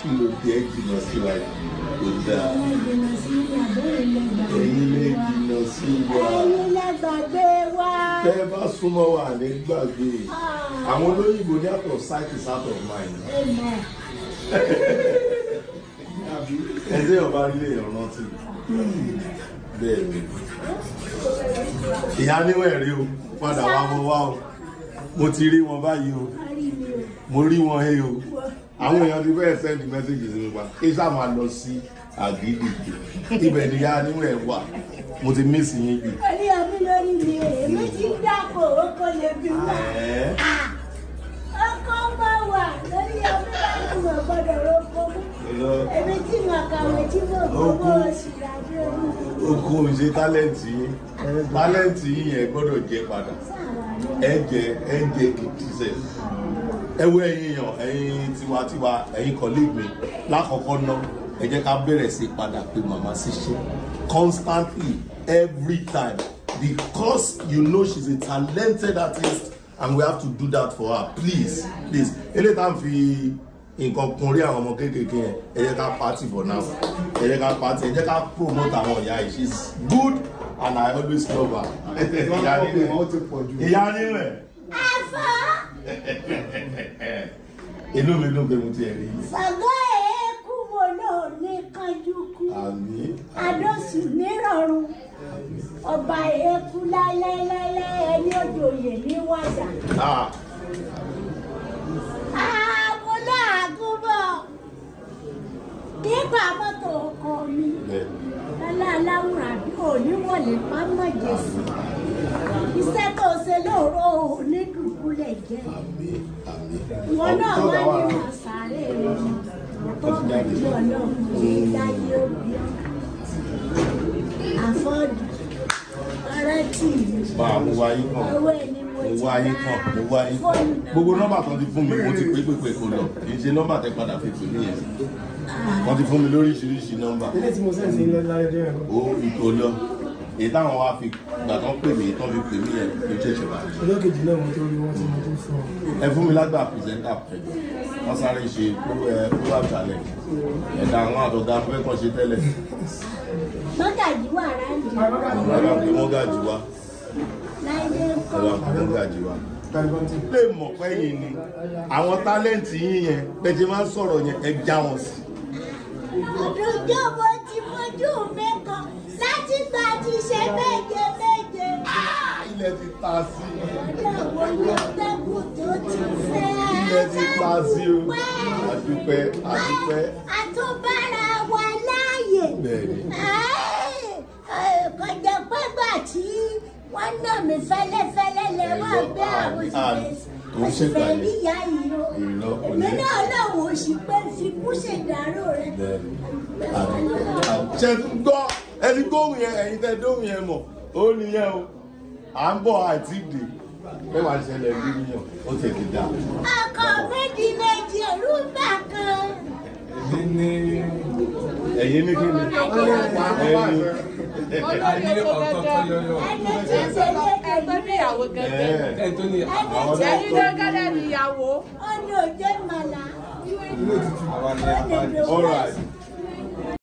kí ló dé ẹ jìnnà sí wa kò dáa ẹ̀yin lè jìnnà sí wa tẹ́ ẹ bá súnmọ́ wa lè gbàgbé ah. àwọn olóyìnbó ní àtọ̀ sight is out of mind ẹ̀sẹ̀ ọba ilé ìrántí. Hmm bẹ́ẹ̀ni ìyá níwẹ̀rí o padà wá mo wá o mo ti rí wọn báyìí o mo rí wọn he o àwọn èèyàn ti fẹ́ send message sí mi pa kí sáà máa lọ sí àgídì ibẹ̀ ni ìyá níwẹ̀ wà mo ti miss yín jù. èmi tí mo kàwé tí mo gbogbo oṣù ìdájọ́ mi. okun ṣe tálẹ́ǹtì yín tálẹ́ǹtì yín yẹn gbọ́dọ̀ jẹ padà ẹ jẹ ẹ jẹ gidi sẹ ẹ wo ẹ̀yin èèyàn ẹ̀yin tiwantiwa ẹ̀yin colleague mi lákọ̀ọ́kọ́ náà ẹ jẹ́ ká bẹ̀rẹ̀ sí padà pé màmá ṣiṣẹ́ constantly every time because you know she's a talented artist and we have to do that for her please please eléyìí tá à ń fi nǹkan kun rí àwọn ọmọ kéékèèké yẹn ẹ jẹ́ ká party for now ẹ jẹ́ ká party ẹ jẹ́ ká promote àwọn ìyá yìí she is good and I always love her. ìyá nílẹ̀ ìyá nílẹ̀. inú mi dùn pé mo ti ẹ̀ rí i. sàgọ́ ẹ̀ kú mo náà ní kanjú kú adóṣù nírọ̀rùn ọba ẹ̀ kú ẹni òjòyè ní wájà. pépà mọ́tò ọkọ mi aláàláwùrà bí òní wọlé pámọ́ jèsì iṣẹ́ tó ṣe lóòrò òní dùbúlẹ̀ jẹ́ ìwọ náà wá ní màsàrè rẹ̀ tó bàjẹ́ ọlọ́run ní ìdájọ́ bí àfọ́dù bá mo wá yín kàn mo wá yín kàn mo wá yín kàn gbogbo nọ́mbà tó ti fún mi mo ti pé pépè kò lọ kì í ṣe nọ́mbà tẹ padà fi nìyẹn ah. wọ́n ti fún mi lóríṣiríṣi nọ́mbà ó ìkò lọ èyí táwọn wá fi gbà tán pè mí tán fi pè mí yẹn ló jẹ́ ìṣọ̀rọ̀ àti. náà mo tó rí wọn tí mo tó sọ. ẹ fún mi lágbà pìrìsẹ́ńtà pẹ̀lú wọ́n sáré ṣe kúrò ẹ̀ kúrò àtàlẹ̀ ẹ̀dá àwọn àtọ̀dá fẹ́ kàn ṣe tẹ́lẹ̀ mọ́gàjì wà ráńdì. rárá pé mọ́gàjì wá. láìdé kọ́. rárá pé mọ́gàjì wá. lè mọ̀ pé yìí ni àwọn tálẹ́ǹtì yín yẹn pẹ̀jẹ̀ máa ń sọ̀rọ̀ yẹn ẹ já wọn sí. òdòdó mo ti fojú mi kan láti gba ti ṣe méje méje. Ah, ilẹ̀ ti ta sí i. ọjọ́ wo ni ọgbẹ́kùn tó ti fẹ́. ilẹ̀ ti ta sí i. a dúpẹ́ a dúpẹ́ kò jẹ́ pé gbà tí wọ́n nà mí fẹ́lẹ́fẹ́lẹ́ lẹ wá gbé àwọn òṣìṣẹ́ níyà ìró èmi náà lọ́wọ́ òṣì pé fikú ṣèdárò rẹ. ṣe gbọ́ ẹni gbóhùn yẹn ẹ̀yin tẹ́ dóhùn yẹn mọ̀ ó nìyẹn o à ń bọ̀ àti dè ẹ wàá ṣẹlẹ̀ bí nìyẹn ó ti ti dà. ọkọ̀ méjì méjì òrùka kan ẹ̀yin ní kí ni ẹ̀yin ẹni ọ̀tọ̀ọ̀tọ̀ yọyọ ẹni tó níyàwó gẹ́gẹ́ ẹni tó gẹ́gẹ́ níyàwó. ọ̀nà òjò ìmàlà. all right.